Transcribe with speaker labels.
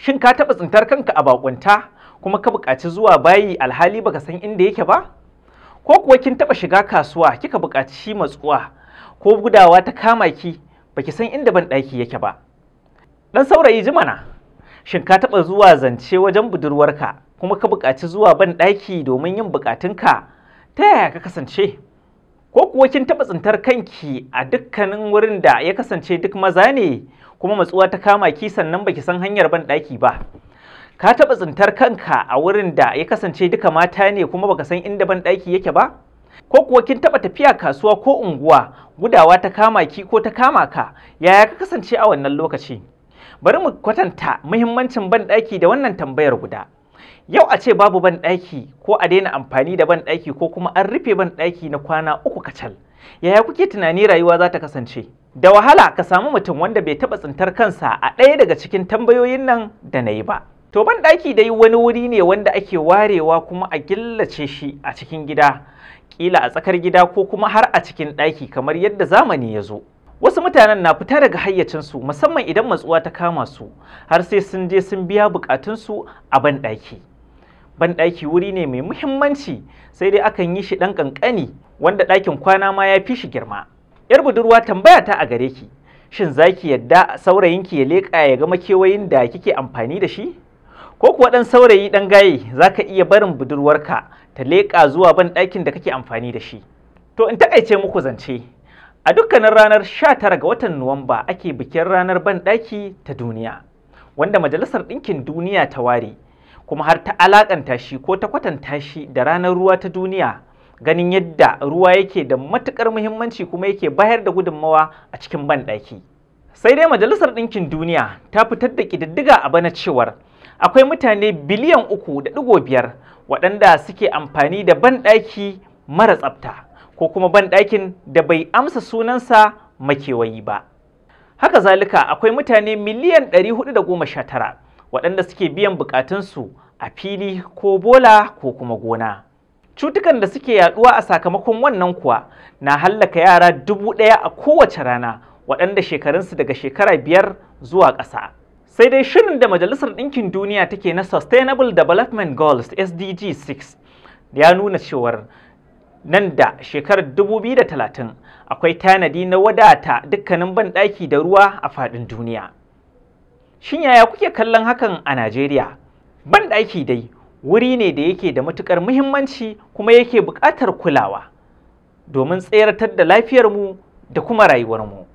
Speaker 1: Shin ka taɓa tsintar kanka a bakunta kuma ka buƙaci zuwa bayi alhali baka san inda yake ba? Ko kuwa kin taɓa shiga kasuwa kika buƙaci shi matsuwa ko gudawa ta kama ki baki san inda ban ɗaki yake ba? Dan saurayi ji mana, shin ka taɓa zuwa zance wajen budurwarka kuma ka buƙaci zuwa ban ɗaki domin yin buƙatunka ta yaya ka kasance? Ko kuwa kin taɓa tsintar kanki a dukkanin wurin da ya kasance duk maza ne kuma matsuwa ta kama ki sannan baki san hanyar ban daki ba ka taɓa tsintar kanka a wurin da ya kasance duka mata ne kuma baka san inda ban daki yake ba ko kuwa kin taɓa tafiya kasuwa ko unguwa gudawa ta kama ki ko ta kama ka yaya ka kasance a wannan lokaci bari mu kwatanta muhimmancin ban daki da wannan tambayar guda yau a ce babu ban daki ko a daina amfani da ban daki ko kuma an rufe ban daki na kwana uku kacal yaya kuke tunani rayuwa za ta kasance da wahala ka samu mutum wanda bai taɓa tsintar kansa a ɗaya daga cikin tambayoyin nan da na yi ba. To ban ɗaki dai wani wuri ne wanda ake warewa kuma a gillace shi a cikin gida, ƙila a tsakar gida ko kuma har a cikin ɗaki kamar yadda zamani ya zo. Wasu mutanen na fita daga hayyacinsu musamman idan matsuwa ta kama su har sai sun je sun biya buƙatunsu a ban ɗaki. banɗaki wuri ne mai muhimmanci sai dai akan yi shi ɗan ƙanƙani wanda ɗakin kwana ma ya fi shi girma yar budurwa tambaya ta a gare ki shin za ki yadda saurayinki ya leƙa ya ga makewayin da kike amfani da shi ko kuwa ɗan saurayi ɗan gaye za ka iya barin budurwarka ta leƙa zuwa ban ɗakin da kake amfani da shi to in taƙaice muku zance a dukkanin ranar sha tara ga watan nuwamba ake bikin ranar ban ɗaki ta duniya wanda majalisar ɗinkin duniya ta ware kuma har ta alaƙanta shi ko ta kwatanta shi da ranar ruwa ta duniya ganin yadda ruwa yake da matuƙar muhimmanci kuma yake bayar da gudunmawa a cikin banɗaki. Sai dai Majalisar Ɗinkin Duniya ta fitar da ƙididdiga a bana cewar akwai mutane biliyan uku da ɗigo biyar waɗanda suke amfani da banɗaki mara tsafta ko kuma banɗakin da bai amsa sunansa makewayi ba. Haka zalika akwai mutane miliyan ɗari da goma sha hudu tara, waɗanda suke biyan bukatunsu a fili ko bola ko kuma gona. cutukan da suke yaduwa a sakamakon wannan kuwa na hallaka yara dubu ɗaya a kowace rana waɗanda shekarunsu daga shekara biyar zuwa ƙasa sai dai shirin da majalisar ɗinkin duniya take na sustainable development goals sdg 6 ya nuna cewar nan da shekarar 2030 akwai tanadi na wadata dukkanin banɗaki da ruwa a faɗin duniya. Shin yaya kuke kallon hakan a Najeriya? Banɗaki dai wuri ne da yake da matuƙar muhimmanci kuma yake buƙatar kulawa domin tseratar da lafiyarmu da kuma rayuwarmu.